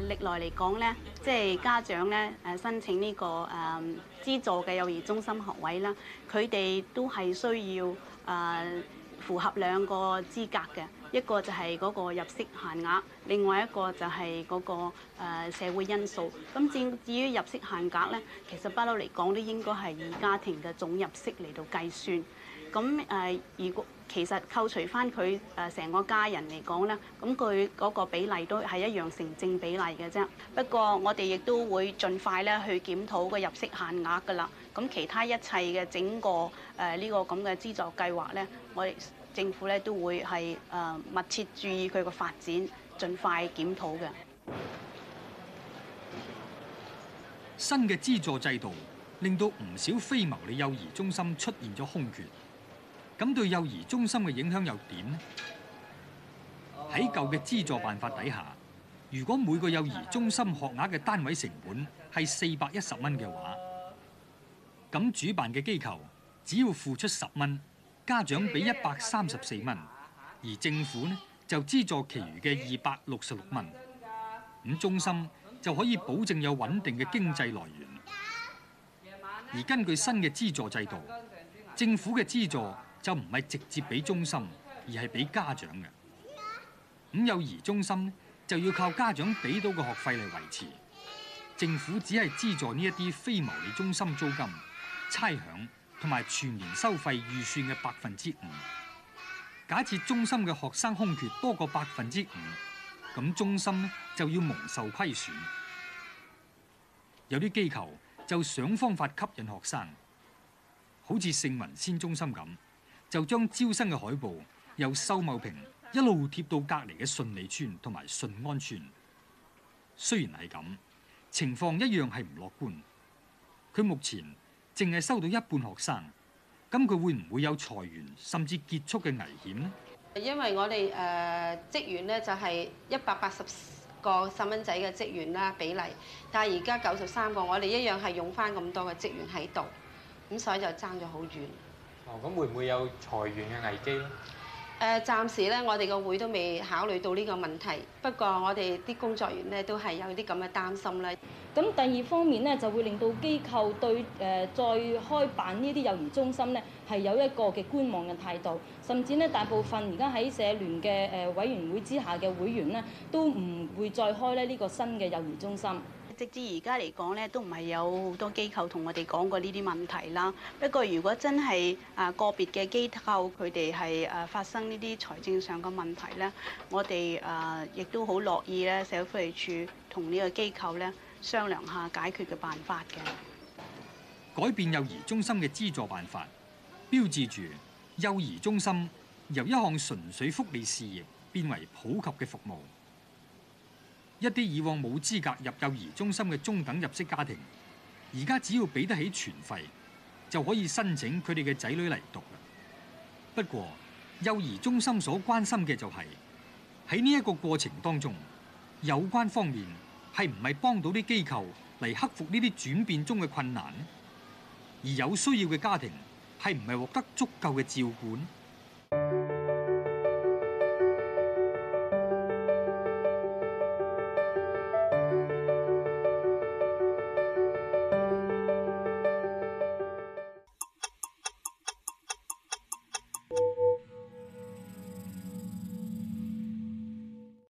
歷來嚟講咧，即係家長咧，誒申請呢個誒資助嘅幼兒中心學位啦，佢哋都係需要誒符合兩個資格嘅。一個就係嗰個入息限額，另外一個就係嗰、那個、呃、社會因素。咁至至於入息限額呢，其實不嬲嚟講都應該係以家庭嘅總入息嚟到計算。咁誒，如、呃、果其實扣除翻佢誒成個家人嚟講呢，咁佢嗰個比例都係一樣成正比例嘅啫。不過我哋亦都會盡快咧去檢討個入息限額㗎喇。咁其他一切嘅整個誒呢、呃這個咁嘅資助計劃呢，我哋。政府咧都會係誒密切注意佢個發展，盡快檢討嘅。新嘅資助制度令到唔少非牟利幼兒中心出現咗空缺，咁對幼兒中心嘅影響又點咧？喺舊嘅資助辦法底下，如果每個幼兒中心學額嘅單位成本係四百一十蚊嘅話，咁主辦嘅機構只要付出十蚊。家長俾一百三十四蚊，而政府呢就資助其餘嘅二百六十六蚊。咁中心就可以保證有穩定嘅經濟來源。而根據新嘅資助制度，政府嘅資助就唔係直接俾中心，而係俾家長嘅。咁幼兒中心就要靠家長俾到嘅學費嚟維持。政府只係資助呢一啲非牟利中心租金差餉。同埋全年收費預算嘅百分之五，假設中心嘅學生空缺多過百分之五，咁中心呢就要蒙受虧損。有啲機構就想方法吸引學生，好似聖文先中心咁，就將招生嘅海報由秀茂坪一路貼到隔籬嘅順利村同埋順安村。雖然係咁，情況一樣係唔樂觀。佢目前。淨係收到一半學生，咁佢會唔會有裁員甚至結束嘅危險呢？因為我哋誒、呃、職員咧就係一百八十個細蚊仔嘅職員啦，比例，但係而家九十三個，我哋一樣係用返咁多嘅職員喺度，咁所以就爭咗好遠。哦，咁會唔會有裁員嘅危機咧？誒暫時咧，我哋個會都未考慮到呢個問題。不過我哋啲工作員咧都係有啲咁嘅擔心啦。咁第二方面咧就會令到機構對誒、呃、再開辦呢啲幼兒中心咧係有一個嘅觀望嘅態度，甚至咧大部分而家喺社聯嘅誒委員會之下嘅會員咧都唔會再開咧呢個新嘅幼兒中心。直至而家嚟講咧，都唔係有好多機構同我哋講過呢啲問題啦。不過如果真係啊個別嘅機構佢哋係誒發生呢啲財政上嘅問題咧，我哋誒亦都好樂意咧社會福利處同呢個機構咧商量下解決嘅辦法嘅。改變幼兒中心嘅資助辦法，標誌住幼兒中心由一項純粹福利事業變為普及嘅服務。一啲以往冇資格入幼兒中心嘅中等入息家庭，而家只要俾得起全費，就可以申請佢哋嘅仔女嚟讀。不過，幼兒中心所關心嘅就係喺呢一個過程當中，有關方面係唔係幫到啲機構嚟克服呢啲轉變中嘅困難，而有需要嘅家庭係唔係獲得足夠嘅照管。